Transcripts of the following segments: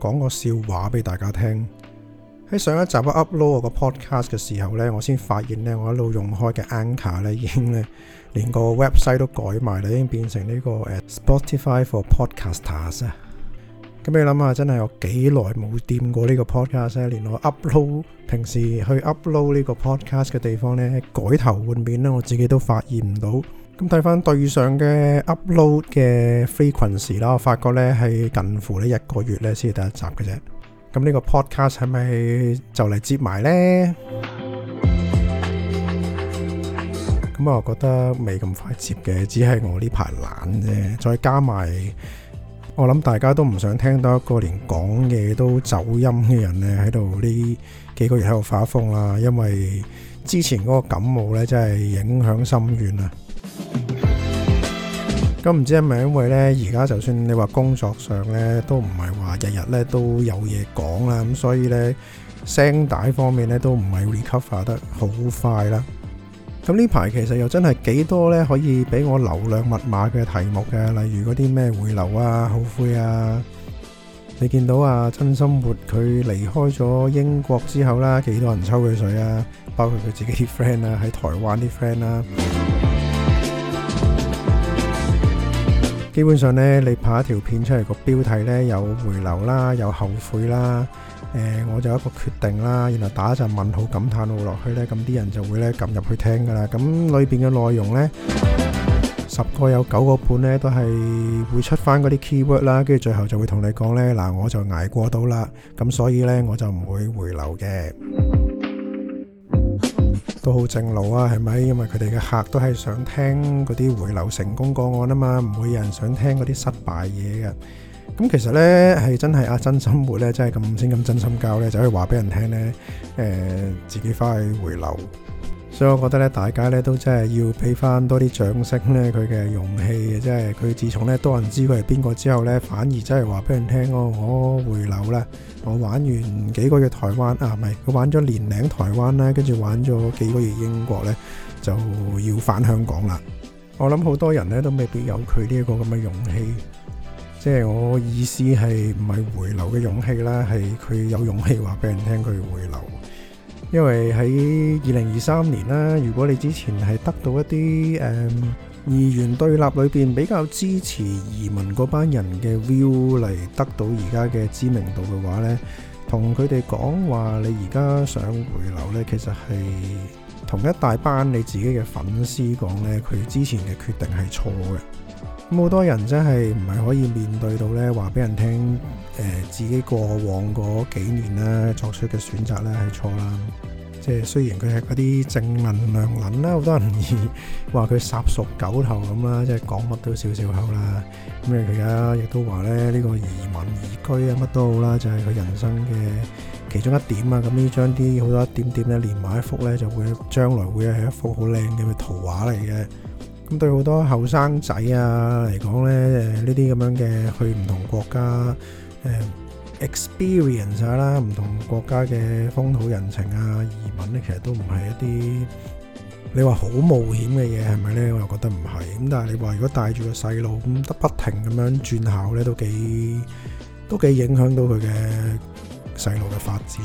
講個笑話俾大家聽。喺上一集 upload 個 podcast 嘅時候呢，我先發現呢，我一路用開嘅 anchor 呢已經呢，連個 website 都改埋啦，已經變成呢、這個、欸、Spotify for Podcasters。咁你諗下，真係有幾耐冇掂過個呢個 podcast 啊？連我 upload 平時去 upload 呢個 podcast 嘅地方呢，改頭換面呢，我自己都發現唔到。咁睇翻對上嘅 upload 嘅 frequency 啦，我發覺呢係近乎呢一個月呢先至得一集嘅啫。咁呢個 podcast 係咪就嚟接埋呢？咁啊，我覺得未咁快接嘅，只係我呢排懶啫。再加埋，我諗大家都唔想聽到一個連講嘢都走音嘅人呢喺度呢幾個月喺度發瘋啦。因為之前嗰個感冒呢真係影響深遠啊。咁唔知係咪因為呢，而家就算你話工作上呢，都唔係話日日呢都有嘢講啦，咁所以呢聲帶方面呢都唔係 recover 得好快啦。咁呢排其實又真係幾多呢可以俾我流量密碼嘅題目嘅，例如嗰啲咩回流啊、後悔啊。你見到啊，真生活佢離開咗英國之後啦，幾多人抽佢水啊？包括佢自己啲 friend 啊，喺台灣啲 friend 啦。基本上呢，你拍一條片出嚟，個標題呢有回流啦，有後悔啦，誒、呃，我就一個決定啦，然後打一陣問號感嘆號落去呢，咁啲人就會呢撳入去聽噶啦。咁裏邊嘅內容呢， 十個有九個半呢都係會出翻嗰啲 keyword 啦，跟住最後就會同你講呢：呃「嗱，我就捱過到啦」，咁所以呢，我就唔會回流嘅。都好正路啊，係咪？因為佢哋嘅客都係想聽嗰啲回流成功個案啊嘛，唔會有人想聽嗰啲失敗嘢嘅。咁其實呢，係真係阿、啊、真心活呢，真係咁先咁真心教呢，就可以話俾人聽呢，誒、呃，自己返去回流。所以我覺得咧，大家咧都真係要俾翻多啲掌聲咧，佢嘅勇氣嘅，即係佢自從咧多人知佢係邊個之後咧，反而真係話俾人聽我、哦、我回流咧，我玩完幾個月台灣啊，唔係佢玩咗年零台灣咧，跟住玩咗幾個月英國咧，就要返香港啦。我諗好多人咧都未必有佢呢一個咁嘅勇氣。即係我意思係唔係回流嘅勇氣啦，係佢有勇氣話俾人聽佢回流。因為喺二零二三年啦，如果你之前係得到一啲誒、um, 議員對立裏邊比較支持移民嗰班人嘅 view 嚟得到而家嘅知名度嘅話呢，同佢哋講話你而家想回流呢，其實係同一大班你自己嘅粉絲講呢，佢之前嘅決定係錯嘅。咁好多人真係唔係可以面對到咧，話俾人聽誒自己過往嗰幾年咧作出嘅選擇咧係錯啦。即係雖然佢係嗰啲正能量人啦，好多人而話佢殺熟狗頭咁啦，即係講乜都少少口啦。咁而佢而家亦都話咧呢個移民移居啊，乜都好啦，就係佢人生嘅其中一點啊。咁呢張啲好多一點點咧連埋一幅咧，就會將來會係一幅好靚嘅圖畫嚟嘅。咁對好多後生仔啊嚟講呢，誒呢啲咁樣嘅去唔同國家誒、呃、experience 下啦，唔同國家嘅風土人情啊、移民呢，其實都唔係一啲你話好冒險嘅嘢係咪呢？我又覺得唔係。咁但係你話如果帶住個細路咁得不停咁樣轉校呢，都幾都幾影響到佢嘅細路嘅發展。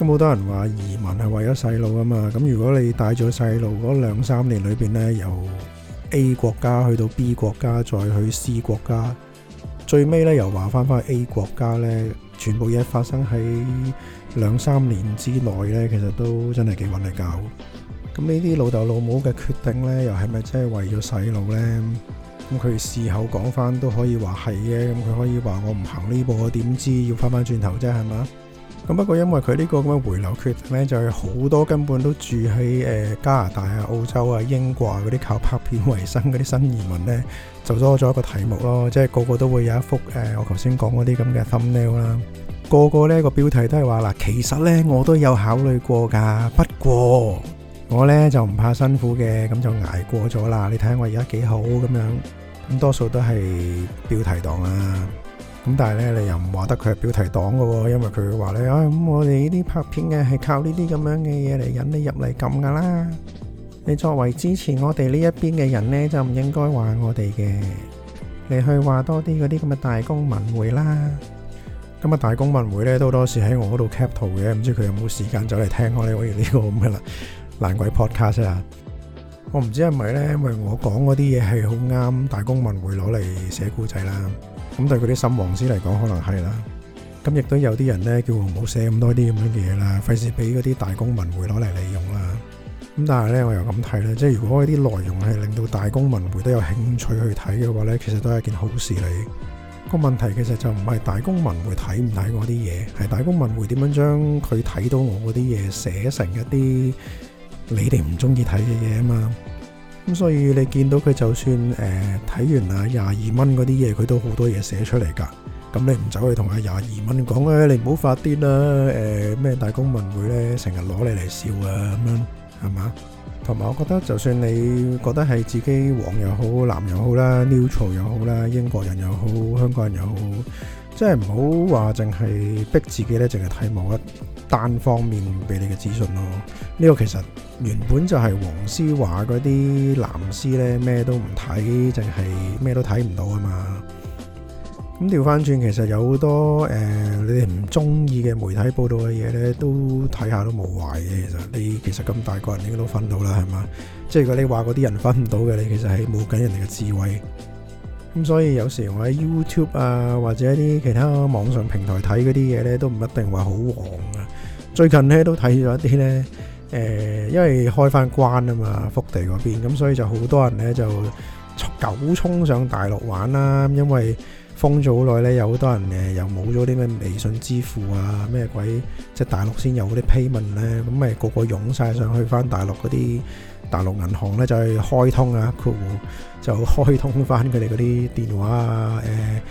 咁好多人話移民係為咗細路啊嘛，咁如果你帶咗細路嗰兩三年裏邊呢，由 A 國家去到 B 國家再去 C 國家，最尾呢又話翻翻去 A 國家呢，全部嘢發生喺兩三年之內呢，其實都真係幾搵你搞。咁呢啲老豆老母嘅決定呢，又係咪真係為咗細路呢？咁佢事後講翻都可以話係嘅，咁佢可以話我唔行呢步，我點知要翻返轉頭啫？係嘛？咁不過因為佢呢個咁嘅回流決定咧，就係、是、好多根本都住喺誒、呃、加拿大啊、澳洲啊、英國嗰啲靠拍片為生嗰啲新移民咧，就多咗一個題目咯。即係個個都會有一幅誒、呃，我頭先講嗰啲咁嘅 thumbnail 啦。個個呢個標題都係話嗱，其實呢，我都有考慮過㗎，不過我呢就唔怕辛苦嘅，咁就捱過咗啦。你睇下我而家幾好咁樣，咁多數都係標題黨啦。咁但係咧，你又唔話得佢係標題黨噶喎，因為佢會話你，唉，咁我哋呢啲拍片嘅係靠呢啲咁樣嘅嘢，嚟,引你入嚟咁噶啦。你作為支持我哋呢一邊嘅人咧，就唔應該話我哋嘅，你去話多啲嗰啲咁嘅大公民會啦。今日大公民會咧都多時喺我嗰度 cap 圖嘅，唔知佢有冇時間走嚟聽我哋？好似呢個咁嘅啦，爛鬼 podcast 啊！我唔知係咪咧，因為我講嗰啲嘢係好啱大公民會攞嚟寫古仔啦。咁對佢啲新黃絲嚟講，可能係啦。咁亦都有啲人咧，叫唔好寫咁多啲咁樣嘅嘢啦，費事俾嗰啲大公文匯攞嚟利用啦。咁但係咧，我又咁睇咧，即係如果啲內容係令到大公文匯都有興趣去睇嘅話咧，其實都係一件好事嚟。個問題其實就唔係大公文匯睇唔睇我啲嘢，係大公文匯點樣將佢睇到我嗰啲嘢寫成一啲你哋唔中意睇嘅嘢吖嘛？咁、嗯、所以你見到佢就算誒睇、呃、完啊廿二蚊嗰啲嘢，佢都好多嘢寫出嚟㗎。咁你唔走去同阿廿二蚊講咧，你唔好發啲癲啦，誒、呃、咩大公文會咧，成日攞你嚟笑啊咁樣，係嘛？同埋我覺得，就算你覺得係自己黃又好，藍又好啦，neutral 又好啦，英國人又好，香港人又好。即係唔好話淨係逼自己咧，淨係睇某一單方面俾你嘅資訊咯。呢個其實原本就係黃絲話嗰啲藍絲咧，咩都唔睇，淨係咩都睇唔到啊嘛。咁調翻轉，其實有好多誒、呃，你哋唔中意嘅媒體報道嘅嘢咧，都睇下都冇壞嘅。其實你其實咁大個人應該都分到啦，係嘛？即係如果你話嗰啲人分唔到嘅，你其實係冇緊人哋嘅智慧。咁所以有時我喺 YouTube 啊，或者一啲其他網上平台睇嗰啲嘢咧，都唔一定話好黃啊。最近咧都睇咗一啲咧，誒、呃，因為開翻關啊嘛，福地嗰邊，咁所以就好多人咧就狗衝上大陸玩啦。因為封咗好耐咧，有好多人誒又冇咗啲咩微信支付啊，咩鬼，即係大陸先有嗰啲 payment 咧，咁咪個個湧晒上去翻大陸嗰啲。大陸銀行咧就去開通啊，客戶就開通翻佢哋嗰啲電話啊、誒、呃、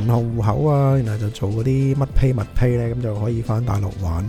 銀行戶口啊，然後就做嗰啲乜批乜批咧，咁就可以翻大陸玩。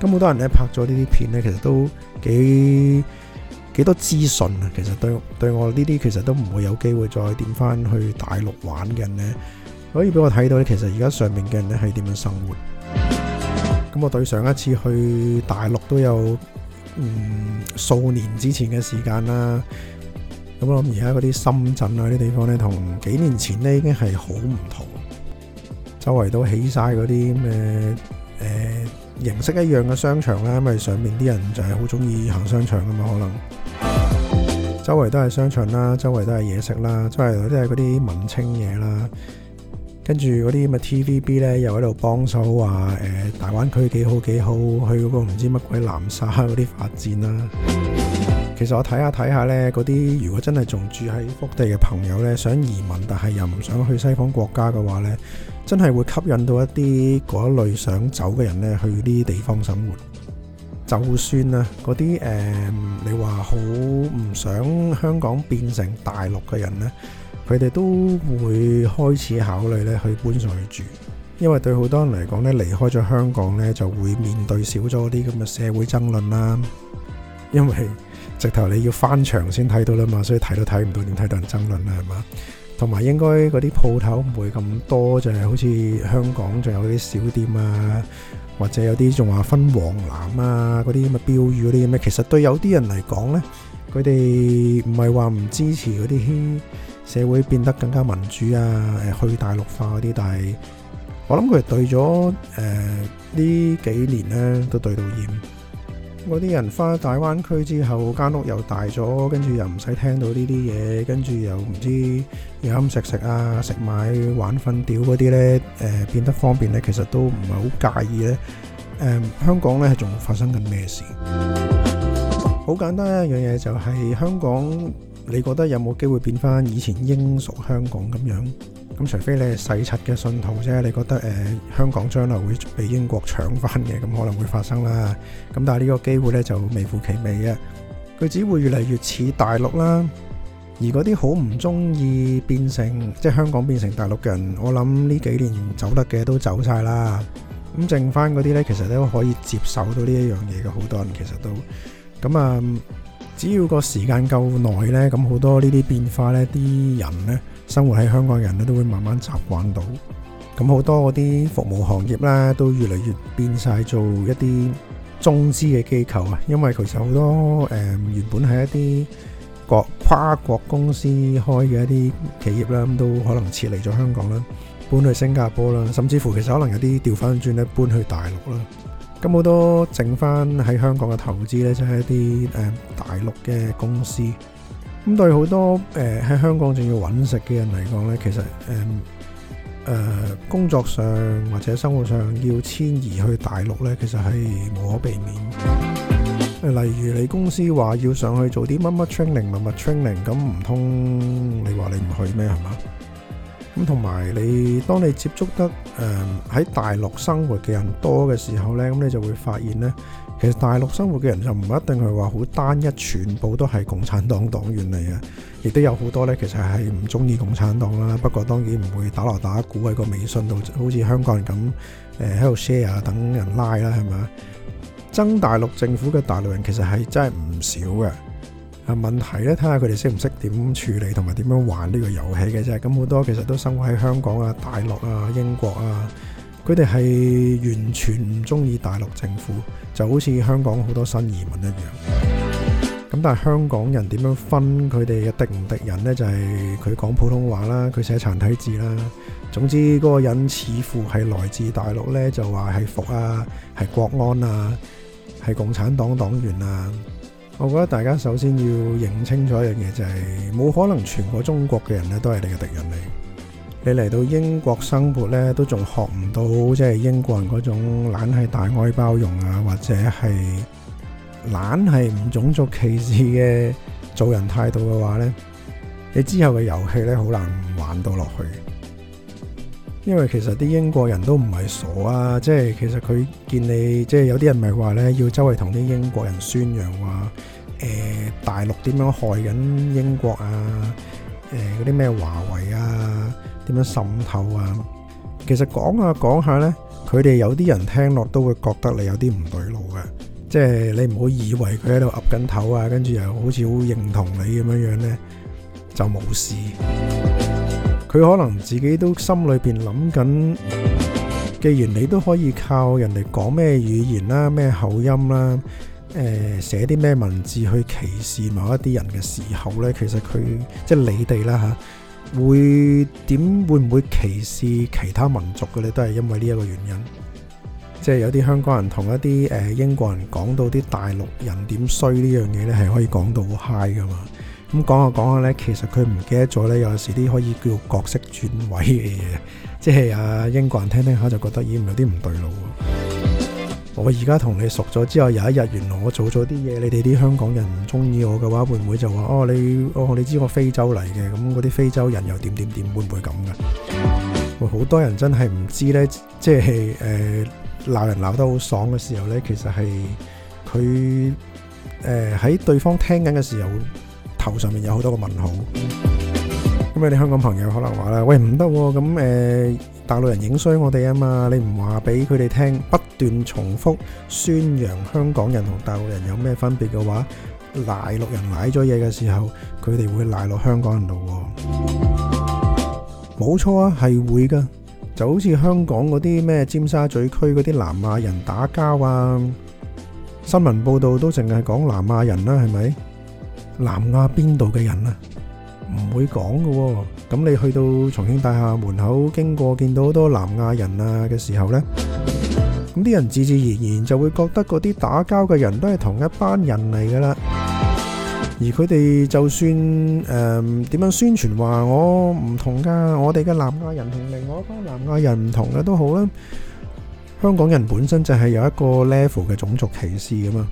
咁、嗯、好多人咧拍咗呢啲片咧，其實都幾幾多資訊啊。其實對對我呢啲其實都唔會有機會再點翻去大陸玩嘅人咧，所以俾我睇到咧。其實而家上面嘅人咧係點樣生活？咁我對上一次去大陸都有。嗯，數年之前嘅時間啦，咁我諗而家嗰啲深圳啊啲地方呢，同幾年前呢已經係好唔同。周圍都起晒嗰啲咩誒形式一樣嘅商場啦，因為上面啲人就係好中意行商場㗎嘛。可能。周圍都係商場啦，周圍都係嘢食啦，周圍都係嗰啲文青嘢啦。跟住嗰啲咁嘅 TVB 呢，又喺度幫手話誒，大灣區幾好幾好，去嗰個唔知乜鬼南沙嗰啲發展啦，啊。其實我睇下睇下呢，嗰啲如果真係仲住喺福地嘅朋友呢，想移民但係又唔想去西方國家嘅話呢，真係會吸引到一啲嗰一類想走嘅人呢去啲地方生活。就算啊，嗰啲誒，你話好唔想香港變成大陸嘅人呢。佢哋都會開始考慮咧，去搬上去住，因為對好多人嚟講咧，離開咗香港咧，就會面對少咗啲咁嘅社會爭論啦、啊。因為直頭你要翻牆先睇到啦嘛，所以睇都睇唔到點睇到人爭論啦、啊，係嘛？同埋應該嗰啲鋪頭唔會咁多，就係好似香港仲有啲小店啊，或者有啲仲話分黃藍啊，嗰啲咁嘅標語嗰啲咁嘅。其實對有啲人嚟講咧，佢哋唔係話唔支持嗰啲。社會變得更加民主啊！誒，去大陸化嗰啲，但係我諗佢對咗誒呢幾年咧，都對到厭。嗰啲人翻去大灣區之後，間屋又大咗，跟住又唔使聽到呢啲嘢，跟住又唔知而啱食食啊、食買玩瞓屌嗰啲咧，誒、呃、變得方便咧，其實都唔係好介意咧。誒、呃，香港咧仲發生緊咩事？好 簡單一樣嘢就係、是、香港。你覺得有冇機會變翻以前英屬香港咁樣？咁除非你係洗漆嘅信徒啫。你覺得誒香港將來會被英國搶翻嘅？咁可能會發生啦。咁但係呢個機會咧就微乎其微嘅。佢只會越嚟越似大陸啦。而嗰啲好唔中意變成即係香港變成大陸嘅人，我諗呢幾年走得嘅都走晒啦。咁剩翻嗰啲咧，其實都可以接受到呢一樣嘢嘅。好多人其實都咁啊。只要個時間夠耐呢，咁好多呢啲變化呢，啲人呢生活喺香港嘅人呢，都會慢慢習慣到。咁好多嗰啲服務行業呢，都越嚟越變晒做一啲中資嘅機構啊。因為其實好多誒原本係一啲國跨國公司開嘅一啲企業啦，咁都可能撤離咗香港啦，搬去新加坡啦，甚至乎其實可能有啲調翻轉咧，搬去大陸啦。咁好多剩翻喺香港嘅投資呢，即係一啲誒大陸嘅公司。咁對好多誒喺香港仲要揾食嘅人嚟講呢，其實誒誒工作上或者生活上要遷移去大陸呢，其實係無可避免。例如你公司話要上去做啲乜乜 training、乜乜 training，咁唔通你話你唔去咩？係嘛？咁同埋你，當你接觸得誒喺、呃、大陸生活嘅人多嘅時候呢，咁你就會發現呢，其實大陸生活嘅人就唔一定係話好單一，全部都係共產黨黨員嚟啊！亦都有好多呢，其實係唔中意共產黨啦。不過當然唔會打鑼打鼓喺個微信度，好似香港人咁誒喺度 share 等人拉啦，係咪啊？憎大陸政府嘅大陸人，其實係真係唔少嘅。啊問題咧，睇下佢哋識唔識點處理同埋點樣玩呢個遊戲嘅啫。咁好多其實都生活喺香港啊、大陸啊、英國啊，佢哋係完全唔中意大陸政府，就好似香港好多新移民一樣。咁但係香港人點樣分佢哋嘅敵唔敵人呢？就係、是、佢講普通話啦，佢寫殘體字啦。總之嗰個人似乎係來自大陸呢，就話係服啊，係國安啊，係共產黨黨員啊。我覺得大家首先要認清楚一樣嘢，就是，就係冇可能全個中國嘅人咧都係你嘅敵人嚟。你嚟到英國生活咧，都仲學唔到即係英國人嗰種懶係大愛包容啊，或者係懶係唔種族歧視嘅做人態度嘅話咧，你之後嘅遊戲咧好難玩到落去。因為其實啲英國人都唔係傻啊，即係其實佢見你即係有啲人咪話呢，要周圍同啲英國人宣揚話、啊，誒、呃、大陸點樣害緊英國啊，誒嗰啲咩華為啊，點樣滲透啊，其實講下講下呢，佢哋有啲人聽落都會覺得你有啲唔對路嘅，即係你唔好以為佢喺度岌緊頭啊，跟住又好似好認同你咁樣樣呢，就冇事。佢可能自己都心裏邊諗緊，既然你都可以靠人哋講咩語言啦、咩口音啦、誒、呃、寫啲咩文字去歧視某一啲人嘅時候咧，其實佢即係你哋啦吓，會點會唔會歧視其他民族嘅咧？都係因為呢一個原因，即係有啲香港人同一啲誒、呃、英國人講到啲大陸人點衰呢樣嘢咧，係可以講到好 high 噶嘛。咁講下講下呢，其實佢唔記得咗呢。有時啲可以叫角色轉位嘅嘢，即係阿英國人聽聽下就覺得咦，有啲唔對路。我而家同你熟咗之後，有一日原來我做咗啲嘢，你哋啲香港人唔中意我嘅話，會唔會就話哦你哦你知我非洲嚟嘅，咁嗰啲非洲人又點點點，會唔會咁噶？好多人真係唔知呢，即係誒鬧人鬧得好爽嘅時候呢，其實係佢誒喺對方聽緊嘅時候。頭上面有好多個問號，咁你香港朋友可能話啦，喂，唔得，咁誒、呃、大陸人影衰我哋啊嘛，你唔話俾佢哋聽，不斷重複宣揚香港人同大陸人有咩分別嘅話，大陸人賴咗嘢嘅時候，佢哋會賴落香港人度，冇錯啊，係會噶，就好似香港嗰啲咩尖沙咀區嗰啲南亞人打交啊，新聞報道都淨係講南亞人啦、啊，係咪？南亞邊度嘅人啊，唔會講嘅。咁你去到重慶大廈門口經過，見到好多南亞人啊嘅時候呢，咁啲人自自然然就會覺得嗰啲打交嘅人都係同一班人嚟噶啦。而佢哋就算誒點樣宣傳話我唔同噶，我哋嘅南亞人同另外一班南亞人唔同嘅都好啦。香港人本身就係有一個 level 嘅種族歧視噶嘛。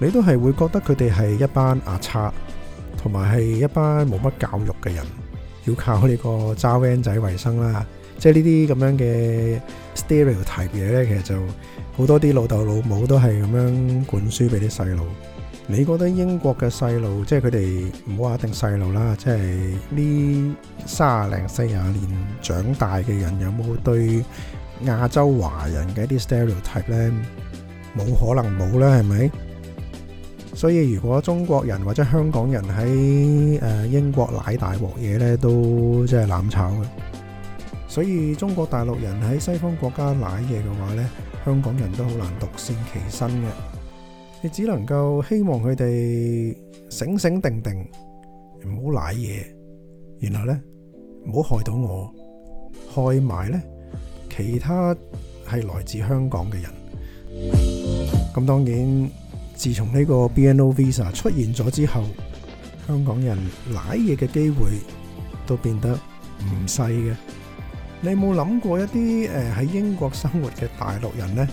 你都係會覺得佢哋係一班阿叉，同埋係一班冇乜教育嘅人，要靠呢個揸 van 仔為生啦。即係呢啲咁樣嘅 stereotype 嘢咧，其實就好多啲老豆老母都係咁樣灌輸俾啲細路。你覺得英國嘅細路，即係佢哋唔好話定細路啦，即係呢三零四廿年長大嘅人，有冇對亞洲華人嘅一啲 stereotype 咧？冇可能冇啦，係咪？所以如果中國人或者香港人喺誒、呃、英國奶大鑊嘢咧，都即係攬炒嘅。所以中國大陸人喺西方國家奶嘢嘅話咧，香港人都好難獨善其身嘅。你只能夠希望佢哋醒醒定定，唔好奶嘢，然後咧，唔好害到我，害埋咧其他係來自香港嘅人。咁當然。自從呢個 BNO Visa 出現咗之後，香港人舐嘢嘅機會都變得唔細嘅。你有冇諗過一啲誒喺英國生活嘅大陸人呢？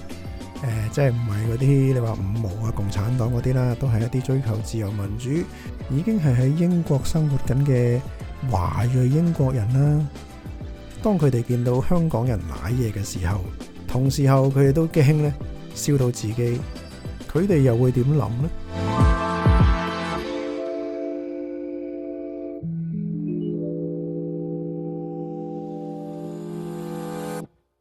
誒，即係唔係嗰啲你話五毛啊、共產黨嗰啲啦，都係一啲追求自由民主、已經係喺英國生活緊嘅華裔英國人啦。當佢哋見到香港人舐嘢嘅時候，同時候佢哋都驚呢，燒到自己。佢哋又會點諗咧？